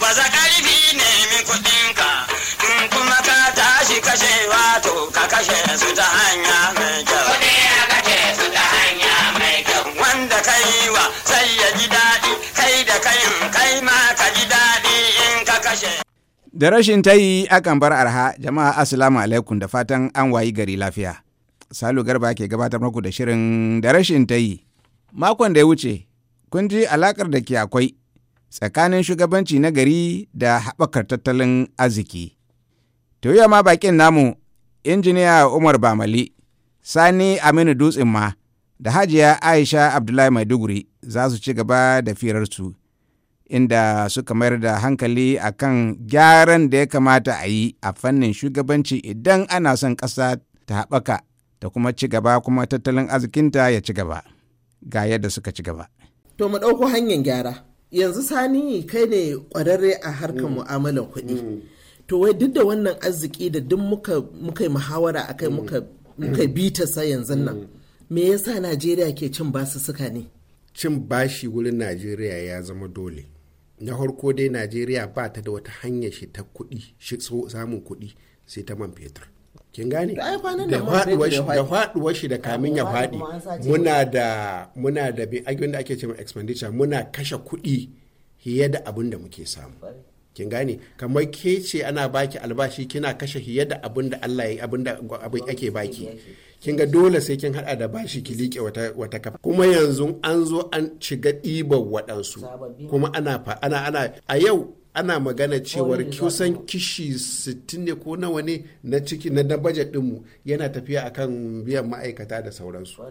Waza ƙarfi ne min kuɗinka, in kuma ka tashi kashe wato ka kashe su ta hanya mai kyau. Kuɗi ya kashe su ta hanya mai kyau. Wanda ka yi wa sai ya ji daɗi, kai da kayin kai ma ka ji daɗi in ka kashe. Da rashin tayi akan bar arha jama'a asalamu alaikum da fatan an wayi gari lafiya. Salu Garba ke gabatar muku da shirin da rashin tayi. Makon da ya wuce, kun ji alakar da ke akwai tsakanin shugabanci na gari da haɓakar tattalin arziki. To yau ma bakin namu, injiniya Umar Bamali, Sani Aminu Dutsen ma, da Hajiya Aisha Abdullahi Maiduguri za su ci gaba da firarsu, inda suka mayar da hankali a kan gyaran da ya kamata a yi a fannin shugabanci idan ana son ƙasa ta haɓaka ta kuma ci gaba kuma tattalin arzikinta ya ci gaba. Ga yadda suka ci gaba. To mu ɗauko hanyar gyara. yanzu sani kai ne kwararre a harkar mm. mu'amalar kuɗi mm. to wai duk da wannan arziki da duk muka muka muhawara akai mm. muka muka bita sa yanzu nan me yasa Najeriya ke cin basu suka ne cin bashi wurin Najeriya ya zama dole na farko dai Najeriya ba ta da wata hanyar shi ta kuɗi samun kuɗi sai ta man fetur kin gane da faduwar shi da kamin ya faɗi muna da muna da bi da ake cewa expenditure muna kashe kuɗi fiye da abin da muke samu kin gane kamar ke ce ana baki albashi kina kashe hira da abin da Allah ya abin da abin ake baki kin ga dole sai kin hada da bashi ki liƙe wata wata kafa kuma yanzu an zo an shiga ɗiban waɗansu kuma ana ana ana a yau ana magana cewar kusan kishi 60 ne ko nawa ne na ciki na bajet dinmu yana tafiya akan biyan ma'aikata da sauransu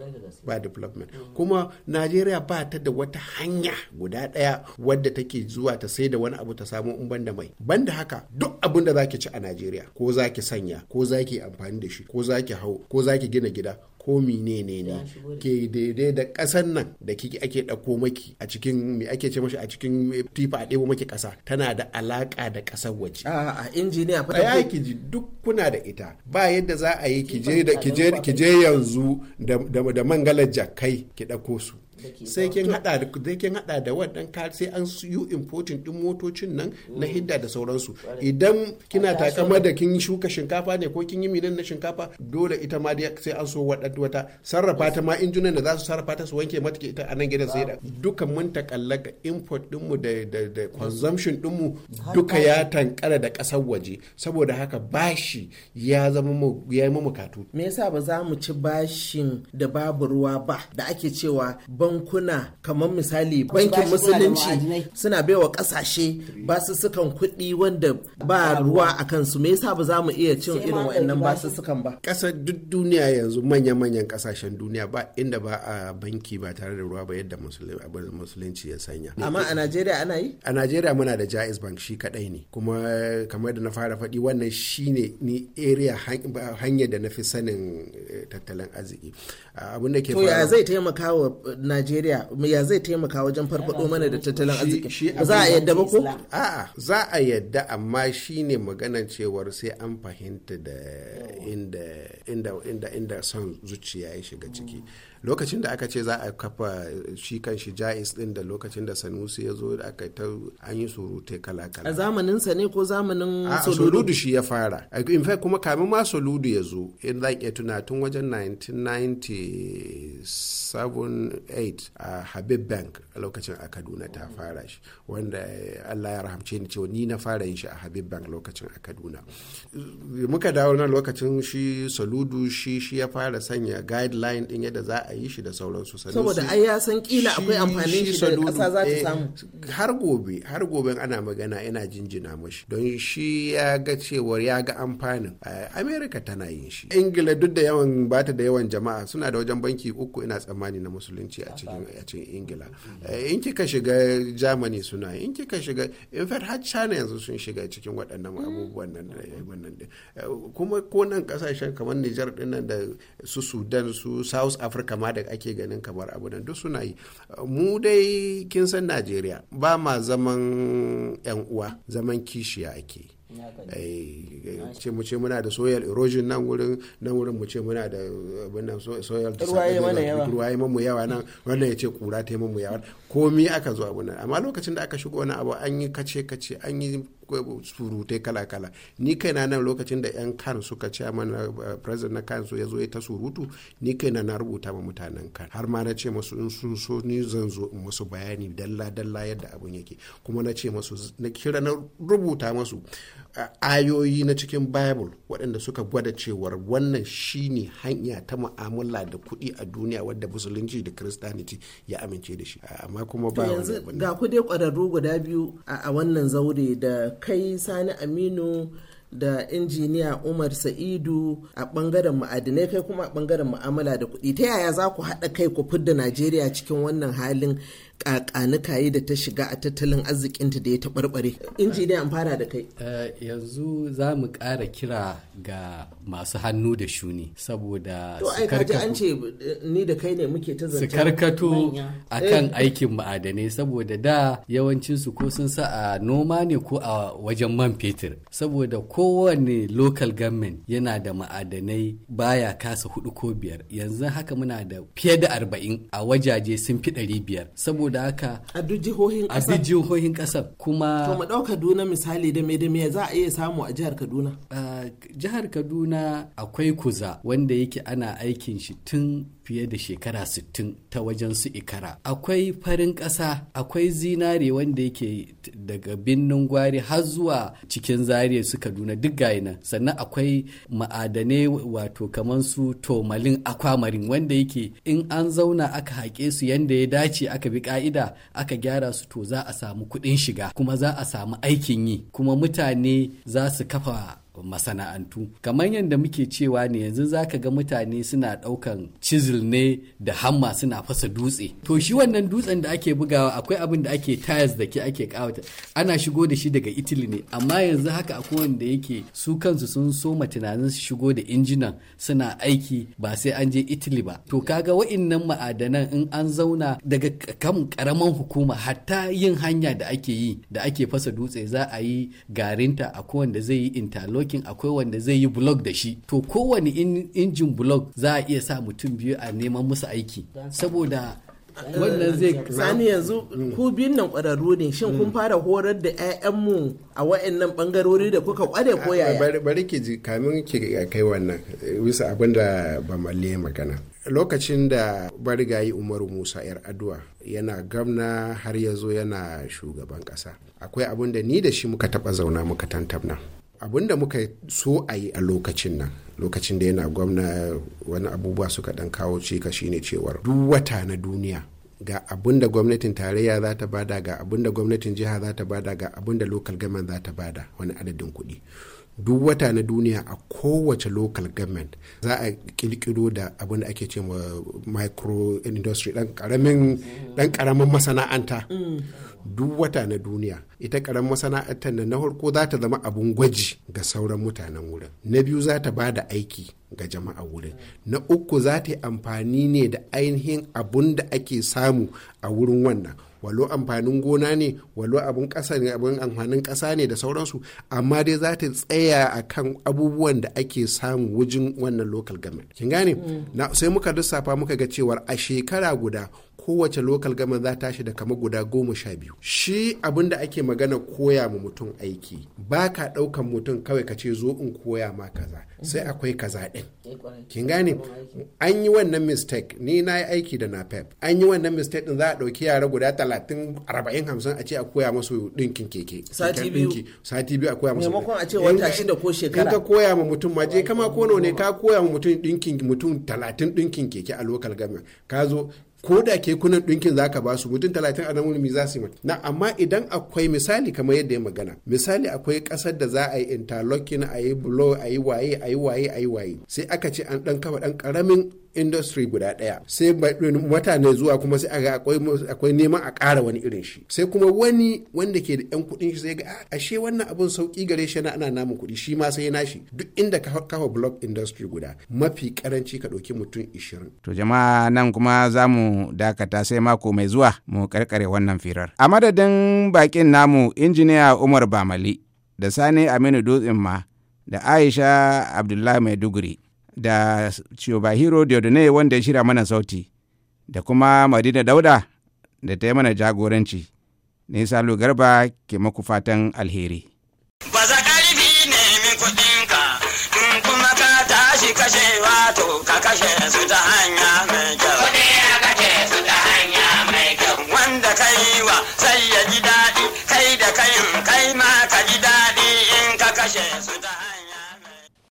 ba development mm. kuma najeriya ba ta da wata hanya guda daya wadda take zuwa ta sai da wani abu ta samu in banda mai banda haka duk abin da zaki ci a najeriya ko zaki sanya ko zaki amfani da shi ko zaki hau ko zaki gina gida ko mine ne ne ke daidai da kasan nan da kiki ake ɗauko maki a cikin me ake ce mashi a cikin tifa a ɗebo maki ƙasa tana da alaƙa da ƙasar waje a injiniya fa ya ki ji duk kuna da ita ba yadda za a yi ki je yanzu da mangalar jakkai ki ɗauko su sai kin hada da kin hada da wannan kar sai an yi importing din motocin nan na mm. hidda da sauransu idan kina takama da kin shuka shinkafa ne ko kin yi minan na shinkafa dole ita ma sai an so wata sarrafa ta ma injunan da za su sarrafa ta su wanke mata ita anan nan gidan sai da dukan mun kallaka import dinmu da da consumption dinmu duka ya tankara da kasar waje saboda haka bashi ya zama mu ya yi mu katu me yasa ba za mu ci bashin da babu ruwa ba da ake cewa bankuna kamar misali bankin musulunci suna baiwa kasashe basussukan kuɗi wanda ba ruwa a kansu me yasa ba za mu iya cin irin waɗannan basussukan ba ƙasar duk duniya yanzu manya-manyan ƙasashen duniya ba inda ba a banki ba tare da ruwa ba yadda musulunci ya sanya amma a najeriya ana yi a najeriya muna da jaiz bank shi kaɗai ne kuma kamar da na fara faɗi wannan shine ni area hanyar da na fi sanin eh, tattalin arziki abin da ke to ya zai taimaka wa eh, Najeriya ya zai taimaka wajen farfado mana da tattalin arziki za a yadda ba ko a'a za a yadda amma shine maganar cewar sai an fahimta da oh. inda inda inda son zuciya ya shiga ciki lokacin da aka ce za a kafa shi kan shi ja'is din da lokacin da sanusi ya zo da aka ta an yi surutai kala kala a zamanin sa ne ko zamanin soludu shi ya fara in fact kuma kamin ma soludu ya zo in zan iya tuna tun wajen 1997-8 a habib bank a lokacin a kaduna ta fara shi wanda allah ya rahamce ni cewa ni na fara yin shi a habib bank lokacin a kaduna muka dawo nan lokacin shi soludu shi shi ya fara sanya guideline din yadda za a yi shi da sauransu saboda ai ya san kila akwai amfanin shi da kasa za ta eh, samu har gobe har gobe ana magana ina jinjina mashi don shi ya ga cewar ya ga amfanin america tana yin shi ingila duk da yawan bata da yawan jama'a suna da wajen banki uku ina tsammani na musulunci a cikin a cikin ingila eh, in kika shiga germany suna in kika shiga in fact har china yanzu sun shiga cikin waɗannan mm. abubuwan nan eh, kuma ko nan kasashen kamar niger din nan da su sudan su south africa kama da ake ganin kamar abu nan duk suna yi mu dai kin san najeriya ba ma zaman yan uwa zaman kishiya ake eh, ce mu ce muna da soyal erosion nan wurin nan wurin mu ce muna da wannan ruwa yi mamu yawa nan wannan ya ce kura ta mu yawa komi aka zo abu nan amma lokacin da aka shigo wani abu an yi kace kace an yi surute kala-kala ni kai na nan lokacin da 'yan kan suka ce mana eh, president na kan ya zo ya ta surutu ni kaina na rubuta ma mutanen kan har ma na ce masu in sun so ni zan zo in musu bayani dalla-dalla yadda abun yake kuma na ce masu na kira na rubuta masu ayoyi na cikin bible waɗanda suka gwada cewar wannan shine hanya ta mu'amala da kuɗi a duniya wadda musulunci da christianity ya amince da shi amma kuma ba yanzu ga ku dai ƙwararru guda biyu a wannan zaure da kai sani aminu da injiniya umar sa'idu a bangaren ma'adinai kai kuma a bangaren mu'amala da kuɗi ta yaya za ku haɗa kai ku fidda najeriya cikin wannan halin kakanikaye da ta shiga a tattalin arzikinta da ya taɓarɓare injiniya an fara da kai eh, yanzu za mu ƙara kira ga masu hannu da shuni saboda su karkato eh, a kan eh. aikin ma'adanai saboda da yawancinsu ko sun sa a noma ne ko a wajen man fetur saboda kowane local government yana da ma'adanai baya kasa hudu ko biyar yanzu haka muna da fiye da arba'in a wajaje sun fi ɗari biyar saboda haka a duk jihohin kasar a kuma to mu dauka Kaduna misali da me da me za a iya samu a jihar Kaduna ah, jihar Kaduna akwai kuza wanda yake ana aikin shi tun fiye da shekara 60 ta wajen su ikara akwai farin ƙasa akwai zinare wanda yake daga binnin gwari har zuwa cikin zariya su kaduna duk gaina sannan akwai ma'adanai wato kamar su tomalin akwamarin wanda yake in an zauna aka haƙe su yanda ya dace aka bi ka'ida aka gyara su to za a samu kuɗin shiga kuma za a samu aikin yi kuma mutane za su kafa masana'antu kamar yadda muke cewa ne yanzu za ka ga mutane suna ɗaukan chisel ne da hamma suna fasa dutse to shi wannan dutsen da ake bugawa akwai abin da ake tiles da ke ake kawata ana shigo da shi daga italy ne amma yanzu haka akwai wanda yake su kansu sun soma tunanin su shigo da injinan suna aiki ba sai an je italy ba to kaga wa'innan ma'adanan in an zauna daga kan karaman hukuma hatta yin hanya da ake yi da ake fasa dutse za a yi garinta a wanda zai yi interlock blogging akwai wanda zai yi blog da shi to kowane injin blog za a iya sa mutum biyu a neman musu aiki saboda wannan zai sani yanzu ku biyun nan kwararru ne shin kun fara horar da 'ya'yanmu a wa'annan bangarori da kuka kware ko yaya bari ki ji kamin ki kai wannan bisa abin da ba malle magana lokacin da barigayi umaru musa yar adua yana gamna har ya zo yana shugaban ƙasa. akwai abin da ni da shi muka taba zauna muka tantabna abin da muka so a yi a lokacin nan lokacin da yana gwamna wani abubuwa suka dan kawo cika shine cewar duk wata na duniya ga abin da gwamnatin tarayya za ta bada ga abin da gwamnatin jiha za ta bada ga abin da local government za ta bada wani adadin kuɗi duk wata na duniya a kowace local government za a kirkiro da abin da ake ce micro industry dan karamin masana'anta duk wata na duniya ita karamin masana'anta na farko za ta zama abun gwaji ga sauran mutanen wurin na biyu za ta ba aiki ga jama'a wurin na uku za ta yi amfani ne da ainihin abun da ake samu a wurin wannan walau amfanin gona ne walau abin ƙasa ne abin amfanin ƙasa ne da sauransu amma dai za ta tsaya a kan abubuwan da ake samu wajen wannan local government kin gane mm. sai muka lissafa muka ga cewar a shekara guda kowace lokal gama za ta shi da kama guda goma sha biyu shi abin da ake magana koya ma mutum aiki ba ka ɗaukan mutum kawai ka ce zo in koya ma kaza sai akwai kaza ɗin eh, kin gane an yi wannan mistake ni na yi aiki da na pep an yi wannan mistake ɗin za a ɗauki yara guda talatin arba'in hamsin a ce a koya masu ɗinkin keke sati biyu sati biyu a koya masu maimakon a ce wata shida ko shekara in ka koya ma mutum ma je kama kono ne ka koya ma mutum ɗinkin mutum talatin ɗinkin keke a lokal gama ka zo ko da kekunan ɗinkin za ka ba su mutum talatin a namun za su yi na amma idan akwai misali kamar yadda ya magana misali akwai ƙasar da za a yi interlocking a yi blow a yi waye a yi waye a yi waye sai aka ce an ɗan kafa ɗan karamin industry guda ɗaya sai mutane zuwa kuma sai aga akwai neman a ƙara wani irin shi sai kuma wani wanda ke da yan kuɗin shi sai ga ah, ashe wannan abun sauki gare shi na ana namun kuɗi shi ma sai nashi duk inda ka kafa block industry guda mafi karanci ka ɗauki mutum 20 to jama'a nan kuma za mu dakata sai mako mai zuwa mu karkare wannan firar a madadin bakin namu injiniya umar bamali da sani aminu dutsen ma da aisha abdullahi maiduguri da Shubahiro Diodone wanda ya shirya mana sauti da kuma Madina Dauda da ta yi mana jagoranci. Nisa Garba ke maku fatan alheri. kashe wato ka kashe su ta hanya